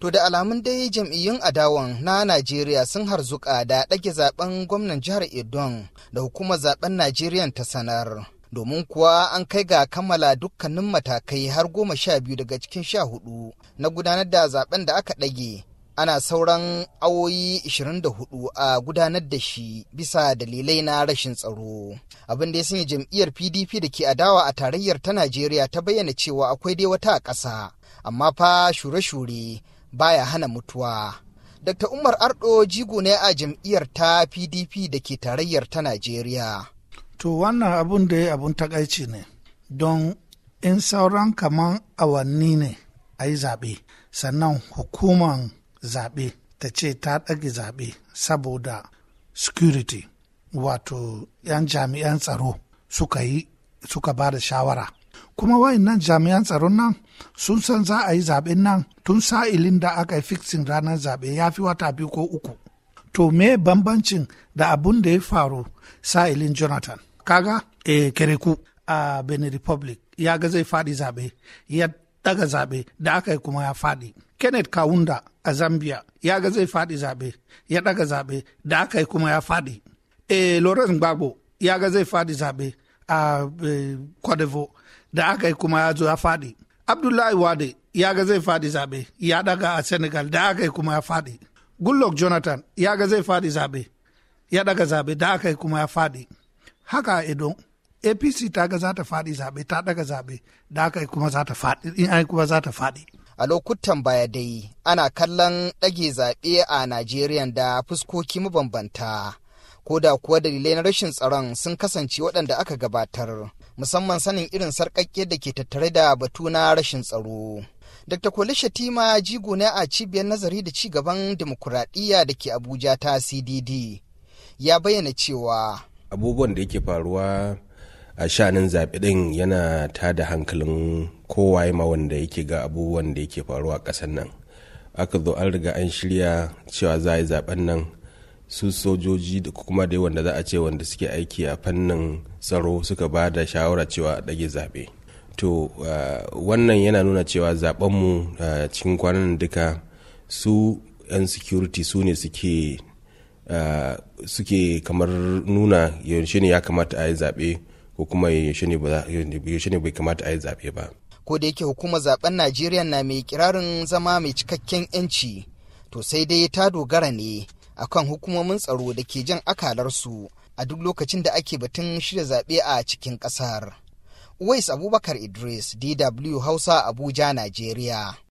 To da alamun dai jam'iyyun adawan na Najeriya sun harzuka da ɗage zaben gwamnan jihar Edon da hukumar zaben Najeriya ta sanar. Domin kuwa an kai ga kammala dukkanin matakai har goma sha biyu daga cikin sha hudu na gudanar da zaben da aka ɗage ana sauran awoyi 24 a gudanar da shi bisa dalilai na rashin tsaro abin da ya sanya jam'iyyar pdp da ke adawa a tarayyar ta najeriya ta bayyana cewa akwai dai wata a ƙasa amma fa shure-shure baya hana mutuwa. Dr. Umar Ardo jigo ne a jam'iyyar ta PDP da ke tarayyar ta Najeriya. To wannan abun da ya abun takaici ne, don in sauran kamar awanni ne a yi zaɓe, sannan hukuman zaɓe ta ce ta ɗage zaɓe saboda security wato 'yan jami'an tsaro suka yi suka ba da shawara kuma wayannan jami'an tsaron nan sun san za a yi zaɓen nan tun sa'ilin da aka yi fixing ranar zaɓe ya fi wata biyu ko uku to me bambancin da abun da ya faru sa'ilin jonathan kaga e kereku a benin republic ya ga zai fadi zaɓe ya daga zaɓe da aka yi kuma ya fadi. kenneth kawunda a zambia ya ga zai fadi zaɓe ya daga zaɓe da aka yi kuma ya fadi. e eh, lawrence gbagbo ya ga zai fadi zaɓe a kwadevo eh, da aka yi kuma ya zo ya faɗi abdullahi wade ya ga zai faɗi zaɓe ya daga a senegal da aka yi kuma ya faɗi goodluck jonathan ya ga zai faɗi zaɓe ya daga zaɓe da aka yi kuma ya faɗi haka a edo apc ta ga za ta faɗi zaɓe ta daga zaɓe da aka yi kuma za ta faɗi in ai kuma za ta faɗi a lokutan baya dai ana kallon ɗage zaɓe a najeriya da fuskoki mabambanta ko da kuwa dalilai na rashin tsaron sun kasance waɗanda aka gabatar musamman sanin irin sarƙaƙƙe da ke tattare da batu na rashin tsaro. Dr. Kole Shatima jigo ne a cibiyar nazari da ci gaban demokuraɗiyya da ke Abuja ta CDD ya bayyana cewa abubuwan da yake faruwa a shanin zaɓe ɗin yana ta da hankalin kowaye ma wanda yake ga abubuwan da yake faruwa a ƙasar nan aka zo an riga an shirya cewa za a yi zaɓen nan su sojoji da kuma dai wanda za a ce wanda suke aiki a fannin tsaro suka ba da shawara cewa a ɗage zaɓe to ah, wannan yana nuna cewa zaɓenmu ah, cikin kwanan duka su 'yan security su ne suke ah, suke kamar nuna yaushe ne ya kamata a yi zaɓe ko kuma yaushe ne bai kamata a yi zaɓe ba ko da yake hukumar zaben najeriya na mai kirarin zama mai cikakken 'yanci to sai dai ta dogara ne akan hukumomin tsaro da ke jan akalarsu a duk lokacin da ake batun shirya zaɓe a cikin ƙasar. Uwais Abubakar Idris, DW Hausa, Abuja, Najeriya.